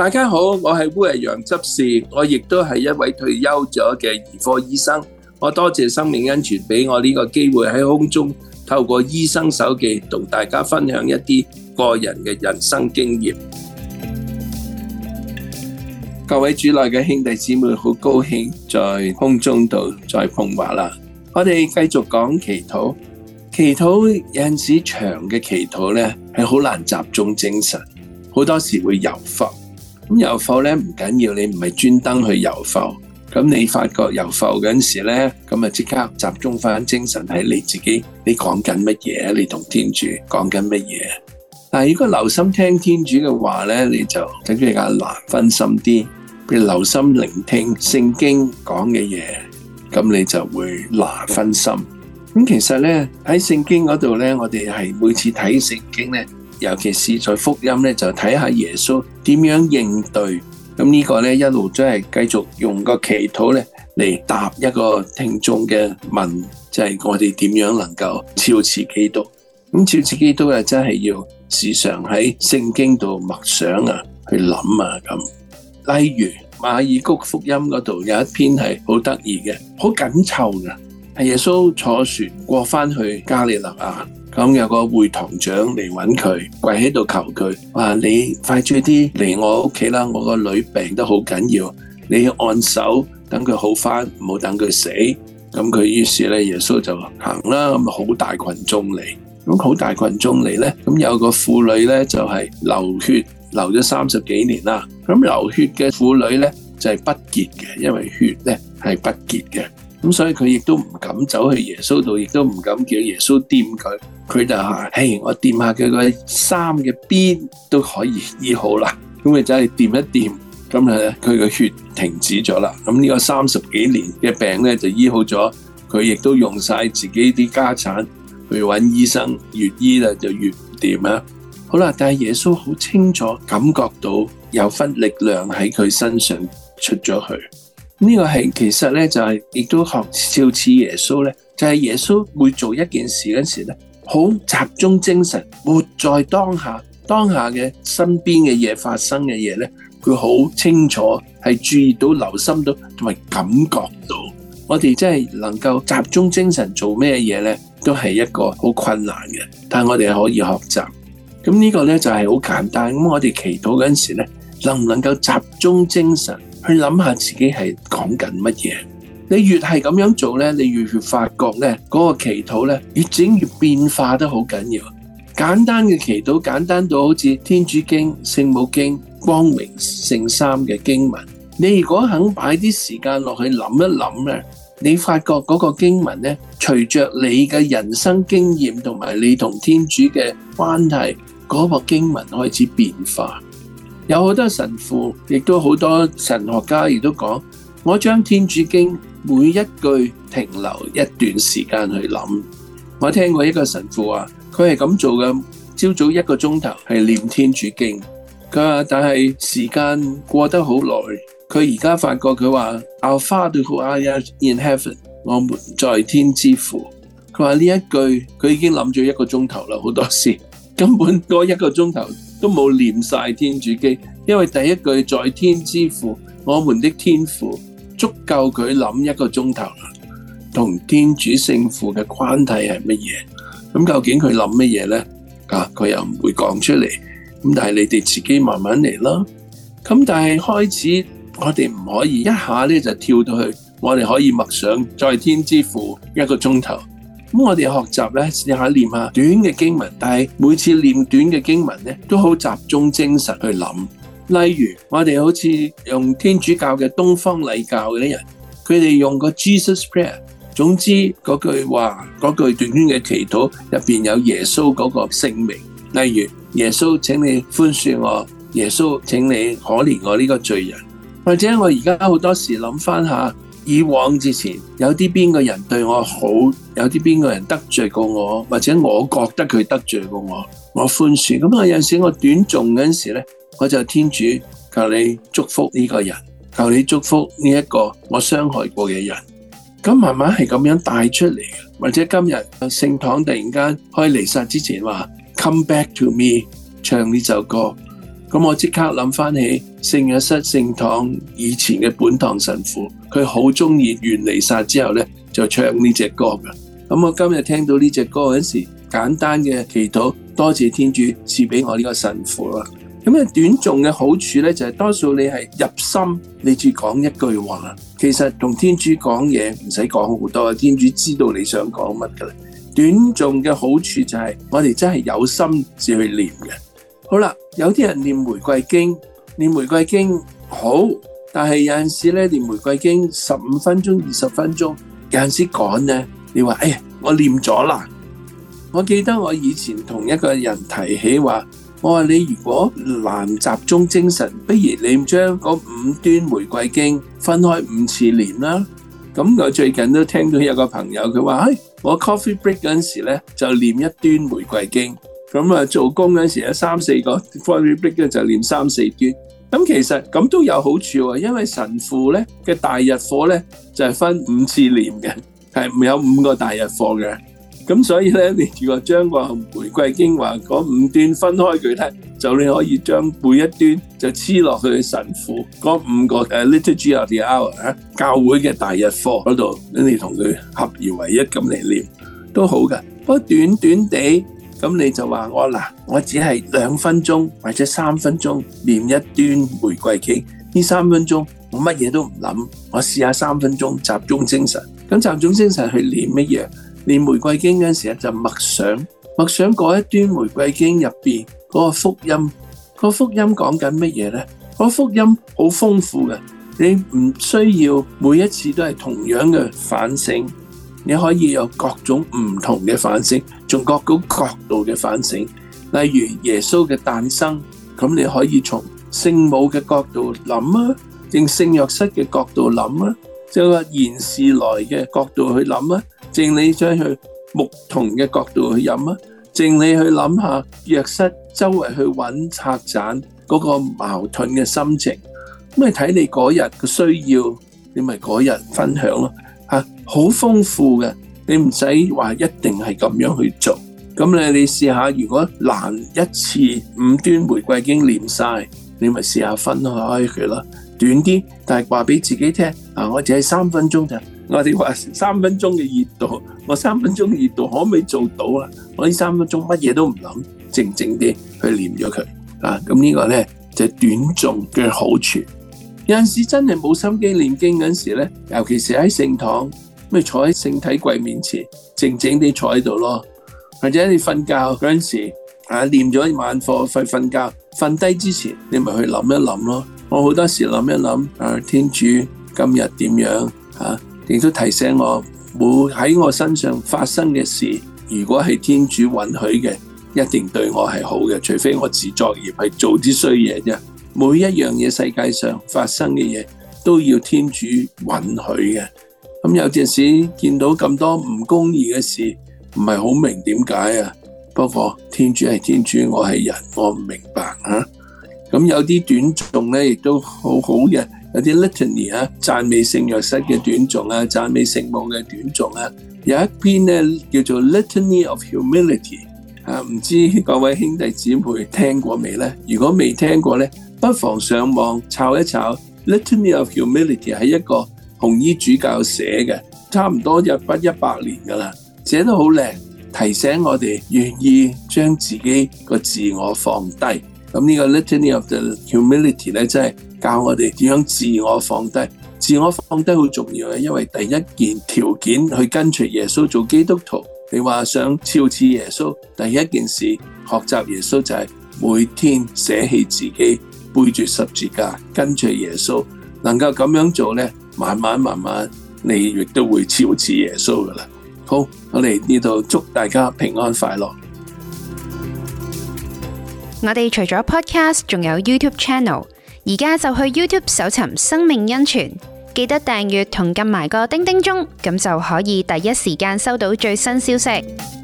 大家好，我係烏羊執事，我亦都係一位退休咗嘅兒科醫生。我多謝生命恩泉俾我呢個機會喺空中透過醫生手記同大家分享一啲個人嘅人生經驗。各位主內嘅兄弟姊妹，好高興在空中度再碰面啦！我哋繼續講祈禱。祈禱有陣時長嘅祈禱咧，係好難集中精神，好多時會游忽。咁游浮咧，唔緊要，你唔係專登去游浮。咁你發覺游浮嗰陣時咧，咁啊即刻集中翻精神喺你自己，你講緊乜嘢？你同天主講緊乜嘢？但係如果留心聽天主嘅話咧，你就更加難分心啲。譬如留心聆聽聖經講嘅嘢，咁你就會難分心。咁其實咧，喺聖經嗰度咧，我哋係每次睇聖經咧，尤其是在福音咧，就睇下耶穌點樣應對。咁呢個咧一路真係繼續用個祈禱咧嚟答一個聽眾嘅問，就係、是、我哋點樣能夠肖似基督？咁肖似基督啊，真係要時常喺聖經度默想啊，去諗啊咁。例如馬爾谷福音嗰度有一篇係好得意嘅，好緊湊嘅，係耶穌坐船過翻去加利納亞。咁有個會堂長嚟揾佢，跪喺度求佢話：哇，啊，你快啲啲嚟我屋企啦，我個女病得好緊要，你去按手，等佢好翻，唔好等佢死。咁佢於是咧，耶穌就行啦。咁好大群眾嚟，咁好大群眾嚟咧，咁有個婦女咧就係流血流咗三十幾年啦。咁流血嘅婦女咧就係不潔嘅，因為血咧係不潔嘅。咁所以佢亦都唔敢走去耶穌度，亦都唔敢叫耶穌掂佢，佢就話：嘿，我掂下佢個衫嘅邊都可以醫好啦。咁佢就係掂一掂，咁啊，佢個血停止咗啦。咁呢個三十幾年嘅病咧就醫好咗。佢亦都用晒自己啲家產去揾醫生，越醫啦就越唔掂啦。好啦，但係耶穌好清楚感覺到有份力量喺佢身上出咗去。呢個係其實咧就係亦都學照似耶穌咧，就係耶穌會做一件事嗰時咧，好集中精神，活在當下，當下嘅身邊嘅嘢，發生嘅嘢咧，佢好清楚，係注意到、留心到同埋感覺到。我哋真係能夠集中精神做咩嘢咧，都係一個好困難嘅，但係我哋可以學習。咁呢個咧就係好簡單。咁我哋祈禱嗰時咧，能唔能夠集中精神？去諗下自己係講緊乜嘢，你越係咁樣做咧，你越發覺咧，嗰個祈禱咧越整越變化得好緊要。簡單嘅祈禱，簡單到好似天主經、聖母經、光明聖三嘅經文。你如果肯擺啲時間落去諗一諗咧，你發覺嗰個經文咧，隨着你嘅人生經驗同埋你同天主嘅關係，嗰個經文開始變化。有好多神父，亦都好多神學家也說，亦都講我將天主經每一句停留一段時間去諗。我聽過一個神父話，佢係咁做嘅，朝早一個鐘頭係念天主經。佢話但係時間過得好耐，佢而家發覺佢話 Our Father who are in heaven，我們在天之父。佢話呢一句佢已經諗咗一個鐘頭啦，好多時根本過一個鐘頭。都冇念晒天主經，因為第一句在天之父，我們的天父足夠佢諗一個鐘頭啦。同天主聖父嘅關係係乜嘢？咁、嗯、究竟佢諗乜嘢呢？啊，佢又唔會講出嚟。咁、嗯、但係你哋自己慢慢嚟咯。咁、嗯、但係開始我哋唔可以一下咧就跳到去，我哋可以默想在天之父一個鐘頭。咁我哋學習咧，試下念下短嘅經文，但係每次念短嘅經文咧，都好集中精神去諗。例如我哋好似用天主教嘅東方禮教嗰啲人，佢哋用個 Jesus Prayer，總之嗰句話嗰句短短嘅祈禱入邊有耶穌嗰個姓名。例如耶穌，請你寬恕我，耶穌，請你可憐我呢個罪人。或者我而家好多時諗翻下，以往之前有啲邊個人對我好。有啲邊個人得罪過我，或者我覺得佢得罪過我，我寬恕。咁啊，有陣時我短頌嗰陣時咧，我就天主求你祝福呢個人，求你祝福呢一個我傷害過嘅人。咁慢慢係咁樣帶出嚟嘅，或者今日聖堂突然間開彌撒之前話 Come back to me，唱呢首歌，咁我即刻諗翻起聖約瑟聖堂以前嘅本堂神父，佢好中意完彌撒之後咧就唱呢隻歌噶。咁我今日聽到呢隻歌嗰陣時，簡單嘅祈禱，多謝天主賜俾我呢個神父啦。咁啊，短頌嘅好處咧，就係多數你係入心，你至講一句話。其實同天主講嘢唔使講好多，天主知道你想講乜噶啦。短頌嘅好處就係我哋真係有心至去念嘅。好啦，有啲人念玫瑰經，念玫瑰經好，但係有陣時咧，念玫瑰經十五分鐘、二十分鐘，有陣時講咧。你話：哎，我唸咗啦。我記得我以前同一個人提起話，我話你如果難集中精神，不如你將嗰五端玫瑰經分開五次唸啦。咁我最近都聽到有個朋友佢話：嘿，我 coffee break 嗰陣時咧就唸一端玫瑰經，咁啊做工嗰陣時咧有三四個 coffee break 咧就唸三四端。咁其實咁都有好處啊，因為神父咧嘅大日課咧就係分五次唸嘅。係有五個大日課嘅，咁所以咧，你如果將個玫瑰經話嗰五段分開佢睇，就你可以將每一段就黐落去神父嗰五個誒 Liturgy of the Hour 啊教會嘅大日課嗰度，跟住同佢合而為一咁嚟念都好噶。不過短短地咁，你就話我嗱，我只係兩分鐘或者三分鐘念一段玫瑰經，呢三分鐘我乜嘢都唔諗，我試下三分鐘集中精神。咁集中精神去念乜嘢？念玫瑰經嗰陣時就默想，默想嗰一段玫瑰經入邊嗰個福音，嗰福音講緊乜嘢咧？嗰福音好豐富嘅，你唔需要每一次都係同樣嘅反省，你可以有各種唔同嘅反省，從各種角度嘅反省。例如耶穌嘅誕生，咁你可以從聖母嘅角度諗啊，定聖若瑟嘅角度諗啊。即係話現時來嘅角度去諗啊，淨你將佢木桐嘅角度去飲啊，淨你去諗下藥室周圍去揾拆攤嗰個矛盾嘅心情，咁你睇你嗰日嘅需要，你咪嗰日分享咯嚇，好豐富嘅，你唔使話一定係咁樣去做，咁你你試下，如果難一次五端玫瑰已經念晒，你咪試下分開佢咯。短啲，但係話俾自己聽，啊，我淨係三分鐘就，我哋話三分鐘嘅熱度，我三分鐘嘅熱度可唔可以做到啊？我呢三分鐘乜嘢都唔諗，靜靜啲去念咗佢，啊，咁、這個、呢個咧就係、短頌嘅好處。有陣時真係冇心機念經嗰陣時咧，尤其是喺聖堂，咪坐喺聖體櫃面前，靜靜啲坐喺度咯，或者你瞓覺嗰陣時，啊念咗一晚課，快瞓覺，瞓低之前，你咪去諗一諗咯。我好多時諗一諗、啊，天主今日點樣啊，亦都提醒我，每喺我身上發生嘅事，如果係天主允許嘅，一定對我係好嘅。除非我自作孽，係做啲衰嘢啫。每一樣嘢世界上發生嘅嘢，都要天主允許嘅。咁、啊、有陣時見到咁多唔公義嘅事，唔係好明點解啊？不過天主係天主，我係人，我唔明白啊。咁有啲短誦咧，亦都好好嘅。有啲 Litany 啊，讚美聖若瑟嘅短誦啊，讚美聖母嘅短誦啊。有一篇咧叫做《Litany of Humility》啊，唔知各位兄弟姊妹聽過未呢？如果未聽過呢，不妨上網抄一抄《Litany of Humility》。係一個紅衣主教寫嘅，差唔多入筆一百年噶啦，寫得好靚，提醒我哋願意將自己個自我放低。咁呢個 Litany of the Humility 咧，即係教我哋點樣自我放低，自我放低好重要嘅。因為第一件條件去跟隨耶穌做基督徒，你話想超似耶穌，第一件事學習耶穌就係每天捨棄自己，背住十字架跟隨耶穌。能夠咁樣做咧，慢慢慢慢，你亦都會超似耶穌噶啦。好，我哋呢度祝大家平安快樂。我哋除咗 Podcast，仲有 YouTube Channel，而家就去 YouTube 搜尋《生命恩泉》，記得訂閱同撳埋個叮叮鐘，咁就可以第一時間收到最新消息。